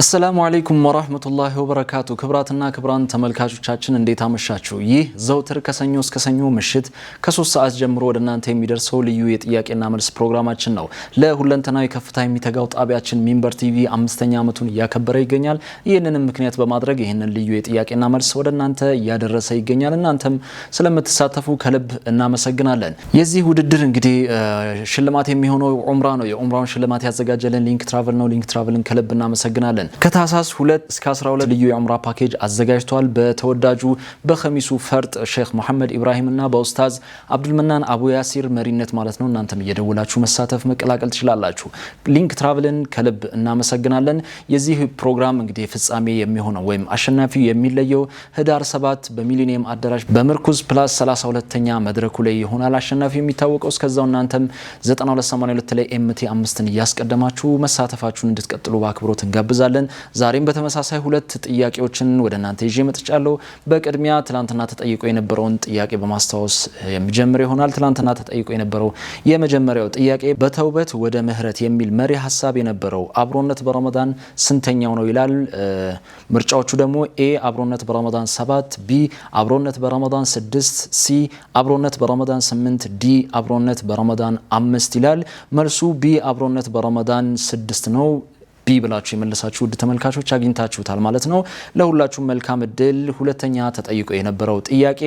አሰላሙ አለይኩም ወራህመቱላሂ ወበረካቱ። ክብራትና ክብራን ተመልካቾቻችን እንዴት አመሻችሁ? ይህ ዘውትር ከሰኞ እስከ ሰኞ ምሽት ከሶስት ሰዓት ጀምሮ ወደ እናንተ የሚደርሰው ልዩ የጥያቄና መልስ ፕሮግራማችን ነው። ለሁለንተናዊ ከፍታ የሚተጋው ጣቢያችን ሚንበር ቲቪ አምስተኛ ዓመቱን እያከበረ ይገኛል። ይህንንም ምክንያት በማድረግ ይህንን ልዩ የጥያቄና መልስ ወደ እናንተ እያደረሰ ይገኛል። እናንተም ስለምትሳተፉ ከልብ እናመሰግናለን። የዚህ ውድድር እንግዲህ ሽልማት የሚሆነው ዑምራ ነው። የዑምራውን ሽልማት ያዘጋጀልን ሊንክ ትራቭል ነው። ሊንክ ትራቭልን ከልብ እናመሰግናለን። ሳምንት ከታህሳስ 2 እስከ 12 ልዩ የዑምራ ፓኬጅ አዘጋጅቷል። በተወዳጁ በከሚሱ ፈርጥ ሼክ መሐመድ ኢብራሂም እና በኡስታዝ አብዱልመናን አቡ ያሲር መሪነት ማለት ነው። እናንተም እየደወላችሁ መሳተፍ መቀላቀል ትችላላችሁ። ሊንክ ትራቭልን ከልብ እናመሰግናለን። የዚህ ፕሮግራም እንግዲህ ፍጻሜ የሚሆነው ወይም አሸናፊው የሚለየው ህዳር 7 በሚሊኒየም አዳራሽ በምርኩዝ ፕላስ 32ኛ መድረኩ ላይ ይሆናል አሸናፊ የሚታወቀው። እስከዛው እናንተም 9282 ላይ ኤምቲ አምስትን እያስቀደማችሁ መሳተፋችሁን እንድትቀጥሉ በአክብሮት እንጋብዛለን። እንገኛለን። ዛሬም በተመሳሳይ ሁለት ጥያቄዎችን ወደ እናንተ ይዤ መጥቻለሁ። በቅድሚያ ትናንትና ተጠይቆ የነበረውን ጥያቄ በማስታወስ የሚጀምር ይሆናል። ትላንትና ተጠይቆ የነበረው የመጀመሪያው ጥያቄ በተውበት ወደ ምህረት የሚል መሪ ሀሳብ የነበረው አብሮነት በረመዳን ስንተኛው ነው ይላል። ምርጫዎቹ ደግሞ ኤ አብሮነት በረመዳን ሰባት ቢ አብሮነት በረመዳን ስድስት ሲ አብሮነት በረመዳን ስምንት ዲ አብሮነት በረመዳን አምስት ይላል። መልሱ ቢ አብሮነት በረመዳን ስድስት ነው። ቢ ብላችሁ የመለሳችሁ ውድ ተመልካቾች አግኝታችሁታል ማለት ነው። ለሁላችሁም መልካም እድል። ሁለተኛ ተጠይቆ የነበረው ጥያቄ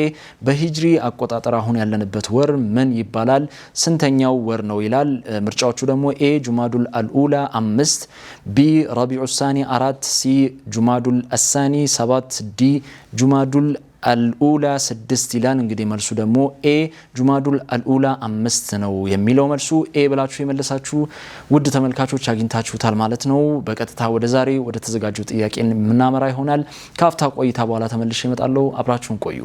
በሂጅሪ አቆጣጠር አሁን ያለንበት ወር ምን ይባላል? ስንተኛው ወር ነው ይላል። ምርጫዎቹ ደግሞ ኤ ጁማዱል አልኡላ አምስት፣ ቢ ረቢዑ ሳኒ አራት፣ ሲ ጁማዱል አሳኒ ሰባት፣ ዲ ጁማዱል አልኡላ ስድስት ይላል። እንግዲህ መልሱ ደግሞ ኤ ጁማዱል አልኡላ አምስት ነው የሚለው መልሱ ኤ ብላችሁ የመለሳችሁ ውድ ተመልካቾች አግኝታችሁታል ማለት ነው። በቀጥታ ወደ ዛሬ ወደ ተዘጋጀው ጥያቄ የምናመራ ይሆናል። ከአፍታ ቆይታ በኋላ ተመልሼ እመጣለሁ። አብራችሁን ቆዩ።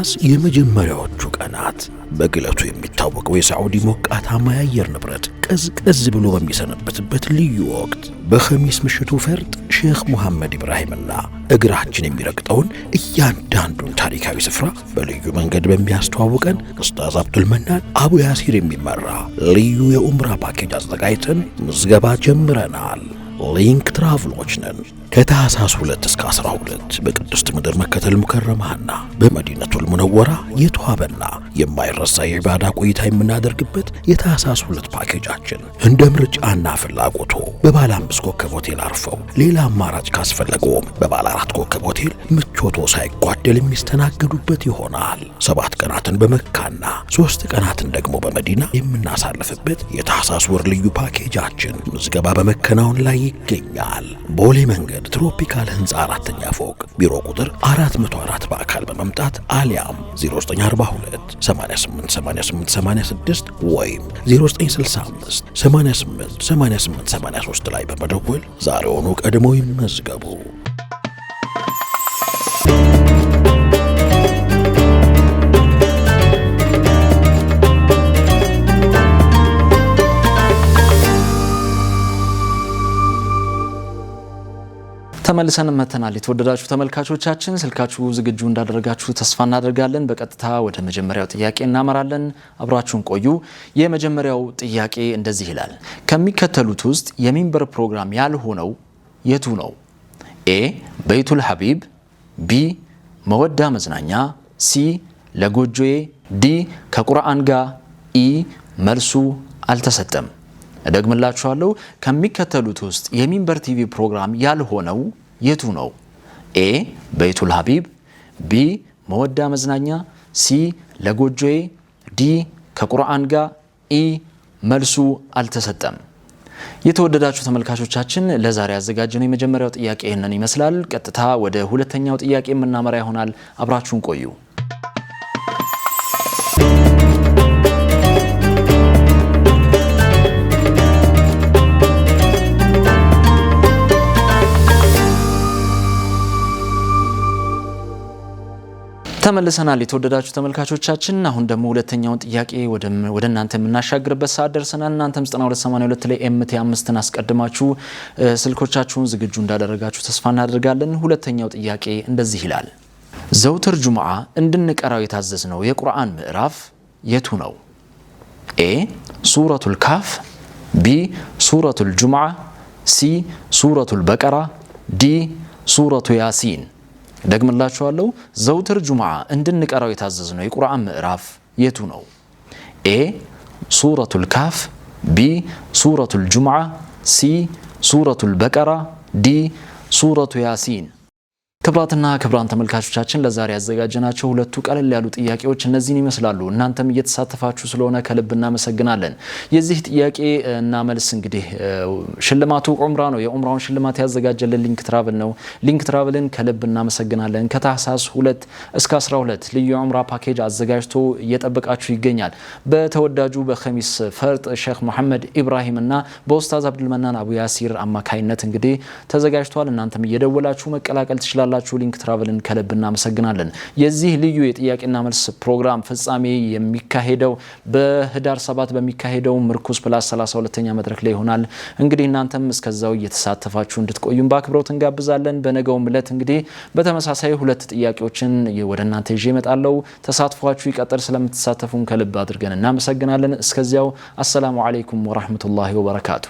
ነሐስ የመጀመሪያዎቹ ቀናት በግለቱ የሚታወቀው የሳዑዲ ሞቃታማ የአየር ንብረት ቀዝቀዝ ብሎ በሚሰነበትበት ልዩ ወቅት በኸሚስ ምሽቱ ፈርጥ ሼኽ ሙሐመድ ኢብራሂምና እግራችን የሚረግጠውን እያንዳንዱን ታሪካዊ ስፍራ በልዩ መንገድ በሚያስተዋውቀን ኡስታዝ አብዱልመናን አቡ ያሲር የሚመራ ልዩ የኡምራ ፓኬጅ አዘጋጅተን ምዝገባ ጀምረናል። ሊንክ ትራቭሎች ነን። ከታህሳስ 2 እስከ 12 በቅድስት ምድር መከተል ሙከረማና በመዲነቱል ሙነወራ የተዋበና የማይረሳ የባዳ ቆይታ የምናደርግበት የታህሳስ 2 ፓኬጃችን እንደ ምርጫና ፍላጎቶ በባለ አምስት ኮከብ ሆቴል አርፈው ሌላ አማራጭ ካስፈለገውም በባለ አራት ኮከብ ሆቴል ምቾቶ ሳይጓደል የሚስተናገዱበት ይሆናል። ሰባት ቀናትን በመካና ሶስት ቀናትን ደግሞ በመዲና የምናሳልፍበት የታህሳስ ወር ልዩ ፓኬጃችን ምዝገባ በመከናወን ላይ ይገኛል። ቦሌ መንገድ መንገድ ትሮፒካል ህንፃ አራተኛ ፎቅ ቢሮ ቁጥር 404 በአካል በመምጣት አሊያም 0942 888886 ወይም 0965 888883 ላይ በመደወል ዛሬውኑ ቀድሞ ይመዝገቡ። ተመልሰን መተናል። የተወደዳችሁ ተመልካቾቻችን ስልካችሁ ዝግጁ እንዳደረጋችሁ ተስፋ እናደርጋለን። በቀጥታ ወደ መጀመሪያው ጥያቄ እናመራለን። አብራችሁን ቆዩ። የመጀመሪያው ጥያቄ እንደዚህ ይላል። ከሚከተሉት ውስጥ የሚንበር ፕሮግራም ያልሆነው የቱ ነው? ኤ በይቱል ሀቢብ ቢ መወዳ መዝናኛ፣ ሲ ለጎጆዬ፣ ዲ ከቁርአን ጋር። ኢ መልሱ አልተሰጠም። እደግምላችኋለሁ። ከሚከተሉት ውስጥ የሚንበር ቲቪ ፕሮግራም ያልሆነው የቱ ነው? ኤ በይቱል ሀቢብ፣ ቢ መወዳ መዝናኛ፣ ሲ ለጎጆዬ፣ ዲ ከቁርአን ጋር፣ ኢ መልሱ አልተሰጠም። የተወደዳችሁ ተመልካቾቻችን ለዛሬ ያዘጋጀነው የመጀመሪያው ጥያቄ ይህንን ይመስላል። ቀጥታ ወደ ሁለተኛው ጥያቄ የምናመራ ይሆናል። አብራችሁን ቆዩ። ተመልሰናል የተወደዳችሁ ተመልካቾቻችን። አሁን ደግሞ ሁለተኛውን ጥያቄ ወደ እናንተ የምናሻግርበት ሰዓት ደርሰናል። እናንተም 9282 ላይ ኤምቲ አምስትን አስቀድማችሁ ስልኮቻችሁን ዝግጁ እንዳደረጋችሁ ተስፋ እናደርጋለን። ሁለተኛው ጥያቄ እንደዚህ ይላል። ዘውትር ጁምዓ እንድንቀራው የታዘዝነው የቁርአን ምዕራፍ የቱ ነው? ኤ ሱረቱል ካፍ፣ ቢ ሱረቱል ጁምዓ፣ ሲ ሱረቱል በቀራ፣ ዲ ሱረቱ ያሲን ደግምላችኋለሁ፣ ዘውትር ጁምዓ እንድንቀራው የታዘዝ ነው። የቁርአን ምዕራፍ የቱ ነው? ኤ ሱረቱል ካፍ፣ ቢ ሱረቱል ጁምዓ፣ ሲ ሱረቱል በቀራ፣ ዲ ሱረቱ ያሲን ክብራትና ክብራን ተመልካቾቻችን ለዛሬ ያዘጋጀናቸው ሁለቱ ቀለል ያሉ ጥያቄዎች እነዚህን ይመስላሉ። እናንተም እየተሳተፋችሁ ስለሆነ ከልብ እናመሰግናለን። የዚህ ጥያቄ እና መልስ እንግዲህ ሽልማቱ ዑምራ ነው። የዑምራውን ሽልማት ያዘጋጀልን ሊንክ ትራቭል ነው። ሊንክ ትራቭልን ከልብ እናመሰግናለን። ከታህሳስ ሁለት እስከ 12 ልዩ የዑምራ ፓኬጅ አዘጋጅቶ እየጠበቃችሁ ይገኛል። በተወዳጁ በከሚስ ፈርጥ ሼክ መሐመድ ኢብራሂም እና በኡስታዝ አብዱልመናን አቡ ያሲር አማካይነት እንግዲህ ተዘጋጅቷል። እናንተም እየደወላችሁ መቀላቀል ትችላላችሁ። ስለመረጣችሁ ሊንክ ትራቨልን ከልብ እናመሰግናለን። የዚህ ልዩ የጥያቄና መልስ ፕሮግራም ፍጻሜ የሚካሄደው በህዳር ሰባት በሚካሄደው ምርኩስ ፕላስ 32ኛ መድረክ ላይ ይሆናል። እንግዲህ እናንተም እስከዛው እየተሳተፋችሁ እንድትቆዩም በአክብሮት እንጋብዛለን። በነገውም ዕለት እንግዲህ በተመሳሳይ ሁለት ጥያቄዎችን ወደ እናንተ ይዤ እመጣለሁ። ተሳትፏችሁ ይቀጥል። ስለምትሳተፉን ከልብ አድርገን እናመሰግናለን። እስከዚያው አሰላሙ አለይኩም ወራህመቱላሂ ወበረካቱ።